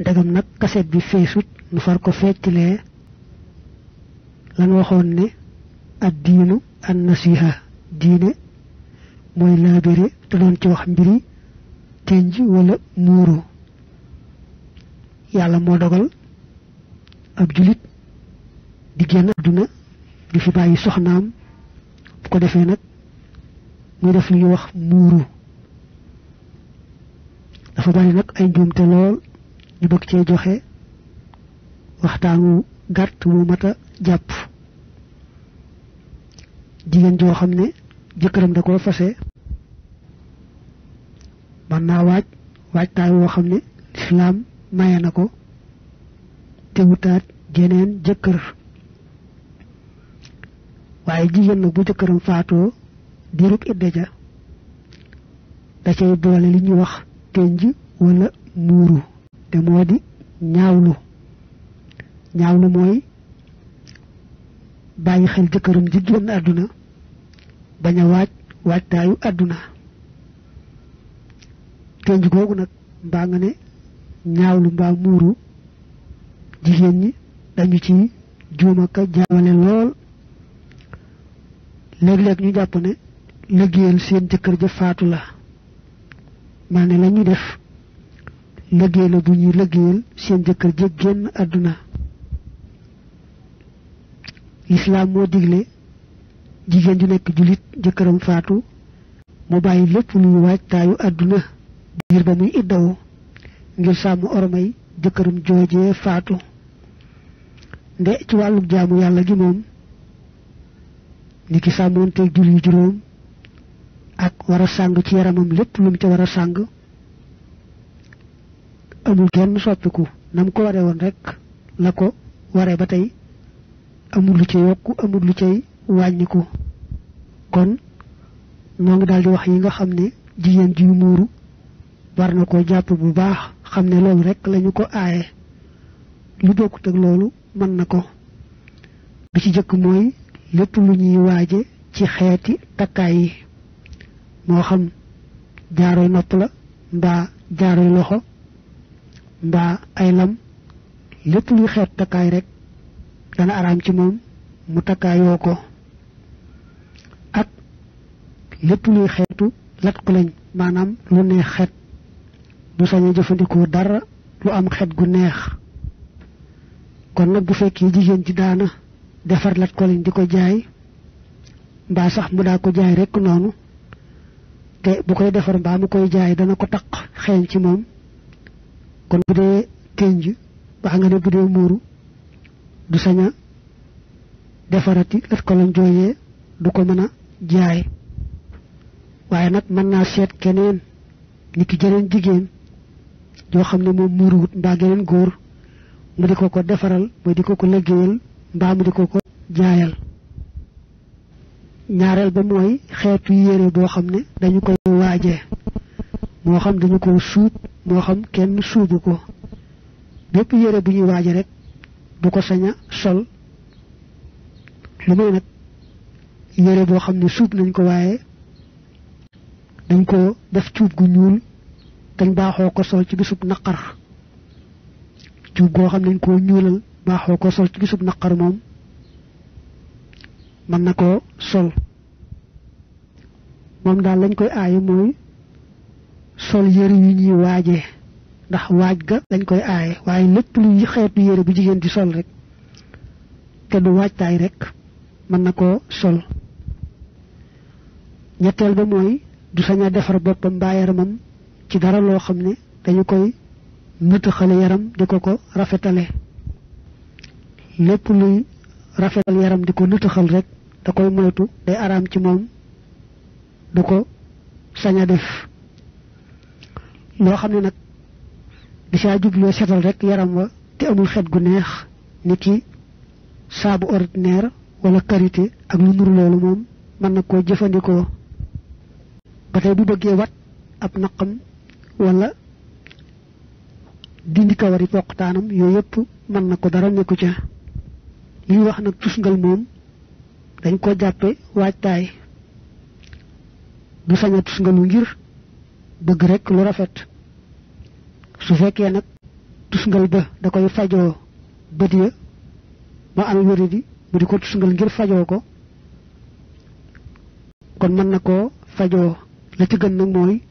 ndegam nak kaset bi fessut nu far ko feccilee lan waxon ne ad dinu an nasiha diine la laabire te don ci wax mbiri tenji wala muru yalla mo dogal ab julit di genn aduna di fi bayyi soxnam bu ko defé nak ñu def ñu wax muuru dafa bari nak ay lool ñu bëgg cee joxe waxtaanu gàtt wu mat a jàpp jigéen joo xam ne jëkkëram da koo fase man naa waaj waajtaay woo xam ne lislaam maye na ko te wutaat geneen jëkkër waaye jigéen nag bu jëkkëram faatoo diirub idda ja da cay boole li wax tenj wala muuru te moo di ñaawlu ñaawlu mooy bàyyi xel jëkkëram ji génn àdduna bañ a waaj waajtaayu àdduna tenj googu nag mbaa nga ne ñaawlu mbaa muuru jigéen ñi dañu ci juuma ka jaawale lool léeg-léeg ñu jàpp ne liggéeyal seen jëkkër ja faatu la maa def lëggéey la bu ñuy lëggéeyal seen jëkkër jëg génn àdduna lislaam moo digle jigéen ju nekk julit jëkkëram faatu mu bàyyi lépp luy waaj taayu àdduna biir ba muy iddawo ngir sàmm oromay jëkkërum joojee faatu nde ci wàllu jaamu yàlla gi moom niki teg jul yu juróom ak war a sàng ci yaramam lépp lu mu ca war a sàng amul kenn soppiku nam ko ware woon rek la ko ware ba tey amul lu ca yokk amul lu cay wàññiku kon moo ngi daal wax yi nga xam ne jigéen ji muuru war na ko jàpp bu baax xam ne loolu rek lañu ko aaye lu bokkut teg loolu mën na ko bi ci jëkk mooy lépp lu ñuy waaje ci xeeti takkaay yi moo xam jaaroy nopp la mbaa jaaroy loxo mbaa ay lam lépp luy xeet takkaay rek dana araam ci moom mu takkaayoo ko ak lépp luy xeetu lat lañ maanaam lu neex xeet du sañ a jëfandikoo dara lu am xeet gu neex kon nag bu fekkee jigéen ji daana defar lat ko lañ di ko jaay mbaa sax mu daa ko jaay rekk noonu te bu koy defar mbaa mu koy jaay dana ko taq xeeñ ci moom kon bu dee kénj wax nga ne bu dee muuru du sañ defarati at du ko mën a jaay waaye nag mën naa seet keneen ni ki jeneen jigéen yoo xam ne moom muuruwut mbaa geneen góor mu di ko ko defaral mooy di ko ko liggéeyal mbaa mu di ko ko jaayal ñaareel ba mooy xeetu yére boo xam ne dañu koy waajee moo xam dañu ko suub moo xam kenn suubu ko bépp yére bu ñuy waaja rek bu ko saña sol lu may nag yére boo xam ne suub nañ ko waaye dañ ko def cuub gu ñuul dañ baaxoo ko sol ci bisub naqar cuub goo xam nañ ko ñuulal baaxoo ko sol ci bisub naqar moom mën na koo sol moom daal lañ koy aaye mooy sol yëre yu ñuy waaje ndax waaj ga dañ koy aaye waaye lépp luy xeetu yëre bu jigéen di sol rek te du waajtaay rek mën na ko sol ñetteel ba mooy du sañ defar boppam mbaa yaramam ci dara loo xam ne dañu koy nëtëxale yaram di ko ko rafetale lépp luy rafetal yaram di ko nëtëxal rek da koy moytu day araam ci moom du ko sañ def lo xamne nak nag da caa setal rek yaram wa te amul xet gu neex niki ordinaire wala karité ak lu nuru loolu mom man na koo bu wat ab naqam wala dindi kawari tanam yooyu yépp man na ko dara nekku ci li wax nak tusngal mom dañ ko jàppe du tusngalu ngir bëgg rek lu rafet su fekkee nag tusngal ba da koy fajoo bët dia ya ba am wéri di mu di ko tusngal ngir fajoo ko kon mën na koo fajoo la ci gën nag mooy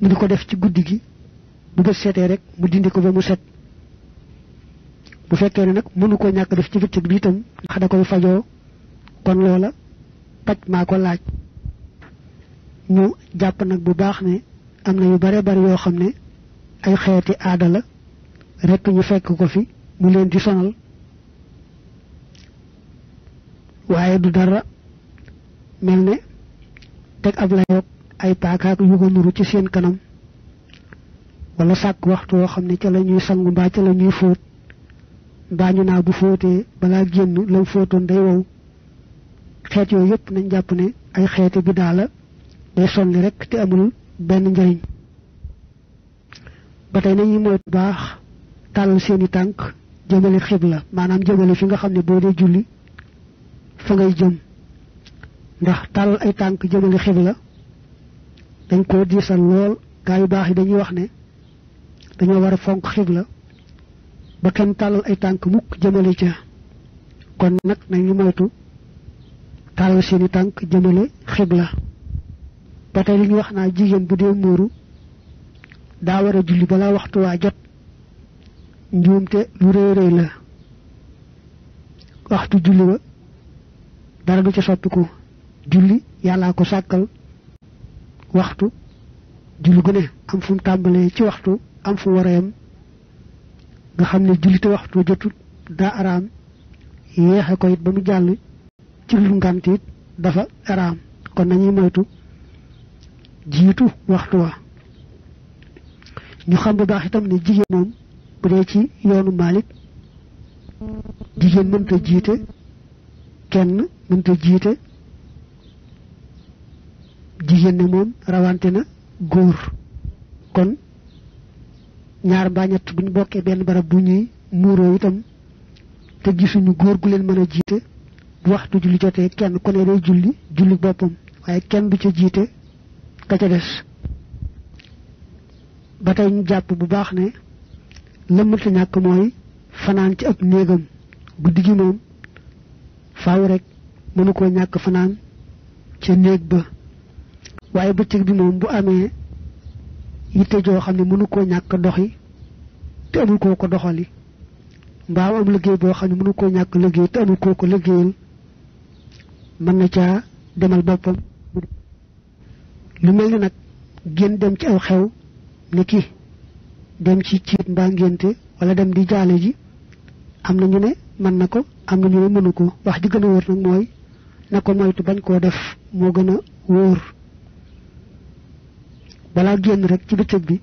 mu di ko def ci guddi gi bu bët seetee rek mu dindi ko ba mu set bu fekkee ne nag mënu ko ñàkk def ci bi itam da koy fajoo kon loola paj maa ko laaj ñu jàpp nag bu baax ne am na yu bare bari yoo xam ne ay xeeti aada la rekk ñu fekk ko fi mu leen di sonal waaye du dara mel ne teg ab layoog ay paakaak yu ko nuru ci seen kanam wala sàkk waxtu woo xam ne ca la ñuy sangu mbaa ca la ñuy fóot mbaa ñu naa bu fóotee balaa génn lam fóotoon day wow xeet yooyu yëpp nañ jàpp ne ay xeeti bi daa la day sonni rek te amul benn njëriñ ba tey nañuy mooy baax tàllal seeni tànk jëmale xibla maanaam jëmale fi nga xam ne boo dee julli fa ngay jëm ndax tàll ay tànk jëmale xibla dañ koo diisal lool gaa yu baax yi dañuy wax ne dañoo war a fonk xibla ba kenn tàllal ay tànk mukk jëmale ca kon nag nañu moytu tàllal seeni tànk jëmale xibla batay li ñu wax na jigen bu dé muru da wara julli bala waxtu wa jot njuumte lu reey reey la waxtu julli ba dara du ci soppiku julli yàlla ko sàkkal waxtu julli gu ne am fu mu tàmbalee ci waxtu am fu war a yam nga xam ne julli te waxtu jotul daa araam yeexe ko it ba mu jàll ci lu dafa araam kon nañuy moytu Jitu waxtu wa ñu xam bu baax itam ne jigéen moom bu dee ci yoonu malik jigéen mënta jiite kenn mënta jiite jigéen ne moom rawante na góor kon ñaar mbaa ñett buñ bokkee benn barab bu ñuy muuroo itam te gisuñu góor gu leen mën a jiite bu waxtu julli jotee kenn ku ne day julli julli boppam waaye kenn du ca jiite ka ca des ba tey jàpp bu baax ne lëmmata ñàkk mooy fanaan ci ab néegam guddi gi moom faaw rek mënu koo ñàkk fanaan ca néeg ba waaye bëccëg bi moom bu amee yitte joo xam ne mënu koo ñàkk doxi te amul koo ko doxali mbaam am liggéey boo xam ne mënu ko ñàkk liggéey te amul koo ko liggéeyal mën na caa demal boppam lu mel ni nag génn dem ci aw xew ni ki dem ci ciit mbaa ngénte wala dem di jaale ji am na ñu ne mën na ko am na ñu ne mënu ko wax ji gën wóor nag mooy na ko moytu bañ koo def moo gën a wóor balaa génn rek ci bëccëg bi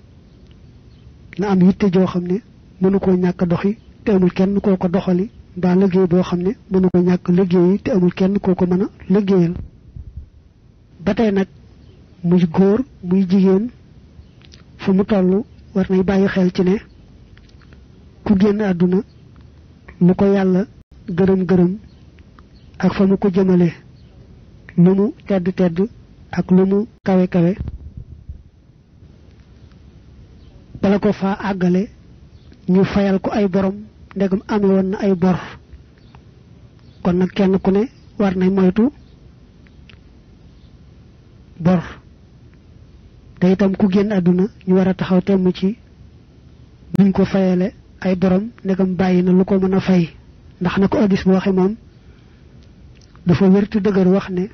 na am yitte joo xam ne mënu koo ñàkk doxi te amul kenn koo ko doxali mbaa liggéey boo xam ne mënu koo ñàkk liggéeyi te amul kenn koo ko mën a liggéeyal ba tey nag muy góor muy jigéen fu mu toll war nay bàyyi xel ci ne ku génn àdduna mu ko yàlla gërëm gërëm ak fa mu ko jëmale lu mu tedd tedd ak lu mu kawe kawe bala ko faa àggale ñu fayal ko ay borom ndegam amee na ay bor kon nag kenn ku ne war nay moytu bor te itam ku génn àdduna ñu war a taxaw temm ci buñ ko fayale ay dorom ndegam bàyyi na lu ko mën a fay ndax na ko addis bu waxe moom dafa wértu dëgër wax ne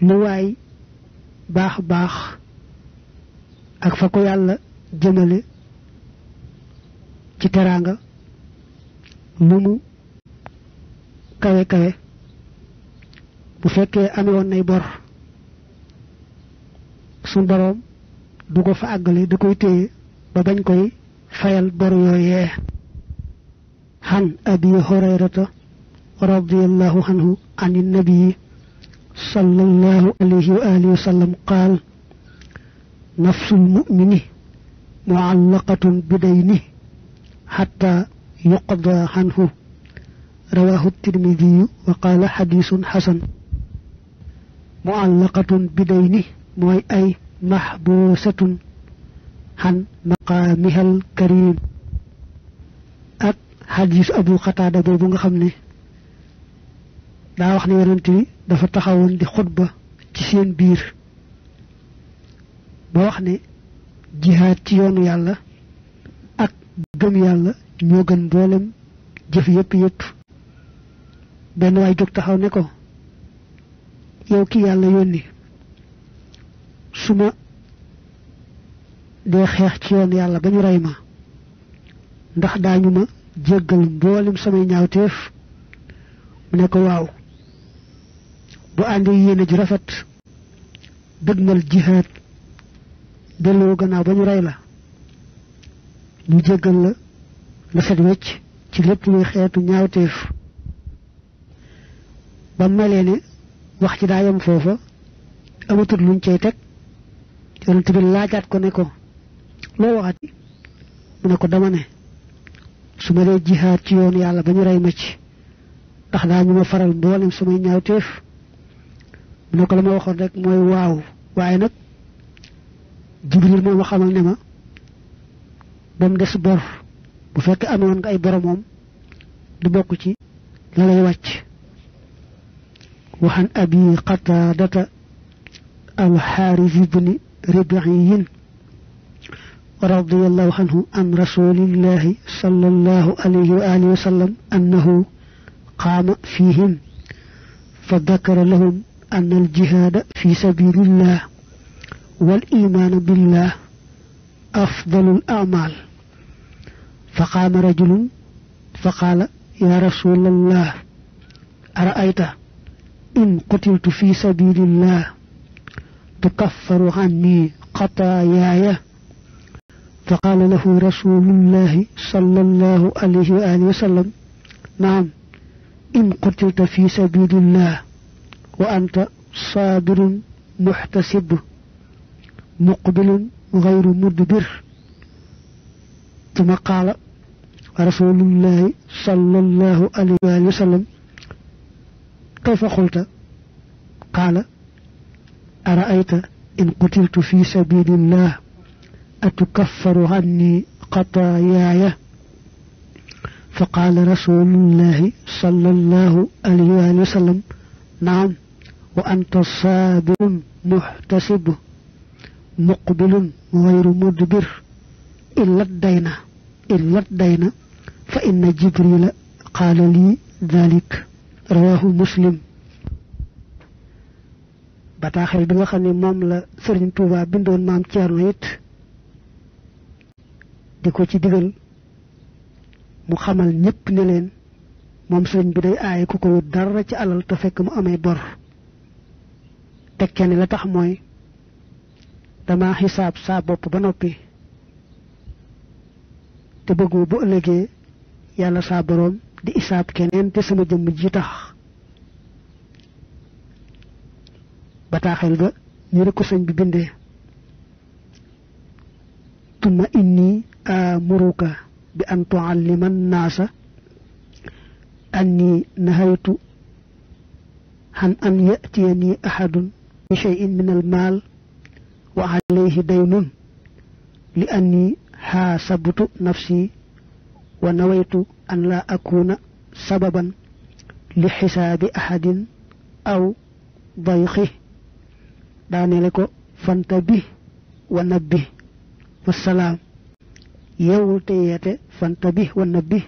lu waay baax baax ak fa ko yàlla jëmale ci teraanga lu mu kawe kawe bu fekkee amewoon nay bor sun borom du ko fa àggale da koy téye ba bañ koy fayal bor yooyee han abi hurayrata radiyallahu anhu عن النبي صلى الله عليه وآله وسلم قال نفس المؤمن معلقة بدينه حتى يقضى عنه رواه الترمذي وقال حديث حسن معلقة بدينه mooy ay maxbuusatun xan maqaamihal karim ak xadiis abu xataada boobu nga xam ne daa wax ni yonent bi dafa taxawoon di xutba ci seen biir ba wax ne jihaad ci yoonu yàlla ak gëm yàlla ñoo gën mboolem jëf yëpp yëpp benn waay jóg taxaw ne ko yow ki yàlla yónni su ma dee xeex ci yoon yàlla ba ñu rey ma ndax daañu ma jéggal mboolem samay ñaawteef mu ne ko waaw bu àndee yéene ju rafet dëgmal jihaad delloo gannaaw ba ñu rey la ñu jéggal la la set wecc ci lépp luy xeetu ñaawteef ba melee ne wax ci daayam foofa amatul luñ cay teg yonent bi laajaat ko ne ko loo waxati mu ne ko dama ne su ma dee jihaad ci yoonu yàlla ba ñu rey ma ci ñu ma faral mboolem samay ñaawteef mu ne ko la ma waxoon rek mooy waaw waaye nag jibril moo ma ne ma ba mu des bor bu fekk amoon nga ay boromam du bokk ci la lay wàcc waxan abi qataadata al harith ibni ربعي رضي الله عنه عن رسول الله صلى الله عليه وآله وسلم أنه قام فيهم فذكر لهم أن الجهاد في سبيل الله والإيمان بالله أفضل الأعمال فقام رجل فقال يا رسول الله أرأيت إن قتلت في سبيل الله تكفر عني قطاياي فقال له رسول الله صلى الله عليه وآله وسلم نعم إن قتلت في سبيل الله وأنت صابر محتسب مقبل غير مدبر ثم قال رسول الله صلى الله عليه وآله وسلم كيف قلت قال أرأيت إن قتلت في سبيل الله أتكفر عني خطاياي فقال رسول الله صلى الله عليه وسلم نعم وأنت صابر محتسب مقبل غير مدبر إلا الدين إلا الدين فإن جبريل قال لي ذلك رواه مسلم bataaxel bi nga xamni mom la serigne Touba bindon maam Thierno it di ci digal mu xamal ñepp ne len mom serigne bi day ay ku ko wut dara ci alal ta fekk mu amé bor tekkene la tax moy dama hisab sa bop ba nopi te bëggu bu yalla sa borom di isab keneen te sama jëm ji tax bataaxel ga ñu rek ko sëñ bi bindee tuma inni amuruka bi an tuallima nnaasa anni nahaytu عن أن يأتيني أحد بشيء من المال وعليه دين لأني حاسبت نفسي ونويت أن لا أكون سببا لحساب أحد أو ضيخه daanele ko fanta bi wa nabbi wasalaam yeewul te yeete fanta bi wa nabbi